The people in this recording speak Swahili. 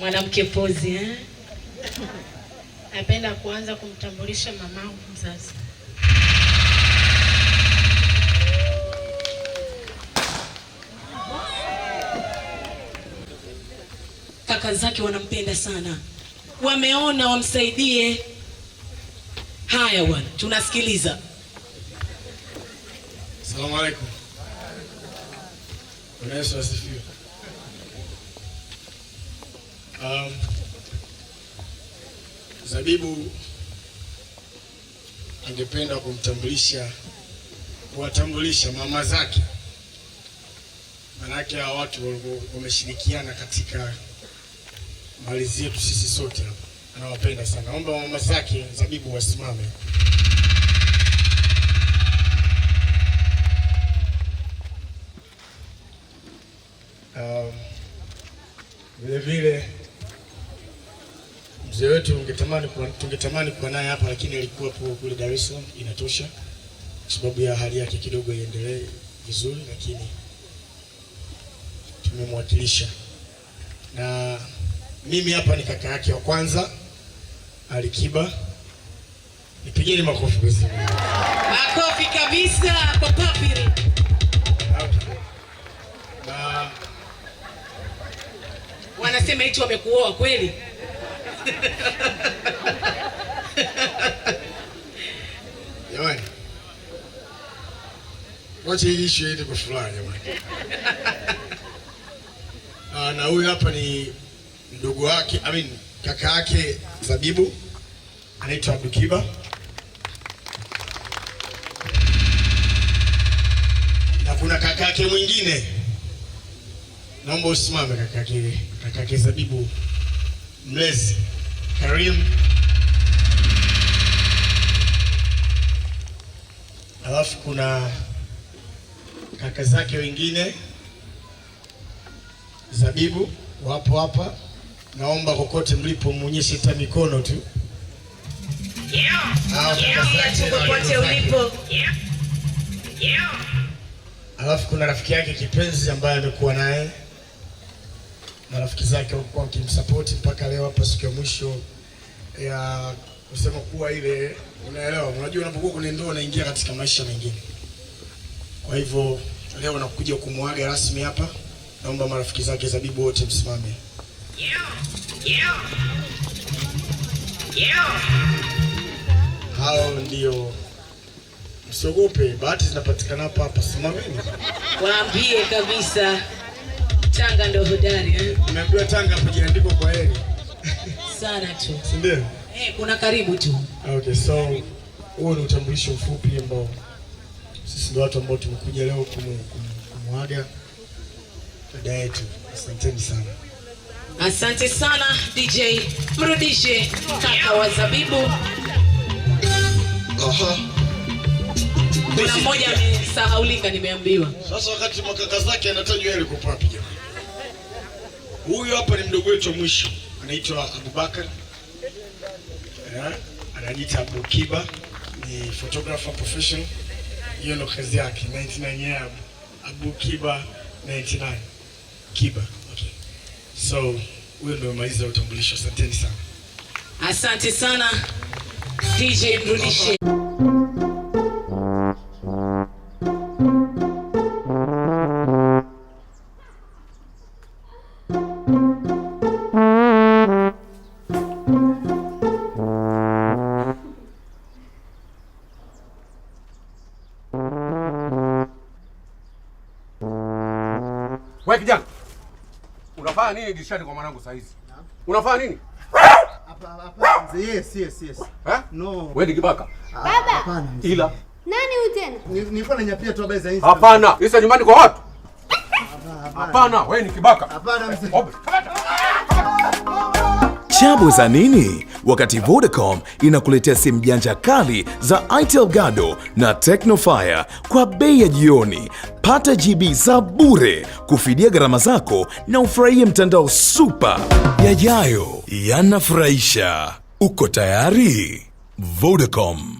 mwanamke pozi eh? Napenda kuanza kumtambulisha mamangu mzazi. Kaka zake wanampenda sana, wameona wamsaidie. Haya bwana, tunasikiliza. Asalamu alaykum. Yesu asifiwe. Um, Zabibu angependa kumtambulisha kuwatambulisha mama zake, manake hawa watu wameshirikiana katika mali zetu sisi sote. Anawapenda sana, naomba mama zake Zabibu wasimame. Uh, vile vile mzee wetu ungetamani kwa, tungetamani kuwa naye hapa lakini alikuwa kule Dar es Salaam, inatosha kwa sababu ya hali yake kidogo iendelee vizuri, lakini tumemwakilisha na mimi hapa ni kaka yake wa kwanza Alikiba. Nipigeni makofi kabisa, makofi kabisa kwa papiri. Wanasema hicho wamekuoa kweli? Jamani, wacha hii ishu iende kwa fulani jamani. Ah, na huyu hapa ni ndugu wake, I mean kaka yake Zabibu, anaitwa Abdukiba na kuna kaka yake mwingine, naomba usimame, kakake kakake Zabibu mlezi Karim, alafu kuna kaka zake wengine Zabibu wapo hapa. Naomba kokote mlipo muonyeshe ta mikono tu Alafu kuna rafiki yake kipenzi ambaye amekuwa naye marafiki zake walikuwa wakimsapoti mpaka leo hapa, siku ya mwisho ya kusema kuwa ile, unaelewa, unajua unapokuwa kwenye ndoa unaingia katika maisha mengine. Kwa hivyo leo nakuja kumwaga rasmi hapa, naomba marafiki zake Zabibu wote msimame. Hao ndio, msiogope, bahati zinapatikana hapa hapa, simameni, waambie kabisa Tanga ndio hodari eh? Umeambiwa Tanga kujiandikwa kwa heri sana tu. Si ndio? Eh, kuna karibu tu. Ah, okay, so huo ni utambulisho mfupi ambao sisi ndio watu ambao tumekuja leo kumwaga dada yetu. Asanteni sana. Asante sana DJ, mrudishe kaka wa zabibu. Aha. Kuna mmoja amesahaulika nimeambiwa. Sasa wakati makaka zake anatajwa yeye kupapa jamani. Huyu hapa ni mdogo wetu mwisho, anaitwa Abubakar eh, anajiita Abu Kiba, ni photographer professional. Hiyo ndo kazi yake 99 year Abu Kiba 99 Kiba. Okay, so huyo ndo maliza utambulisho. Asanteni sana, asante sana DJ Mrudishe. Wewe kijana. Unafanya nini dirishani kwa mwanangu saa hizi? Unafanya nini? Hapa hapa Yes, yes, yes. Eh? No. Wewe ni kibaka. Ah, Baba. Hapana. Ila nani huyu tena? Nilikuwa nanyapia tu habari za hizi. Hapana. Isa nyumbani kwa watu. Hapana, wewe ni kibaka. Hapana mzee. Chabu za nini? Wakati Vodacom inakuletea simu janja kali za Itel Gado na Tecnofire kwa bei ya jioni pata GB za bure kufidia gharama zako na ufurahie mtandao super. Yajayo yanafurahisha. Uko tayari? Vodacom.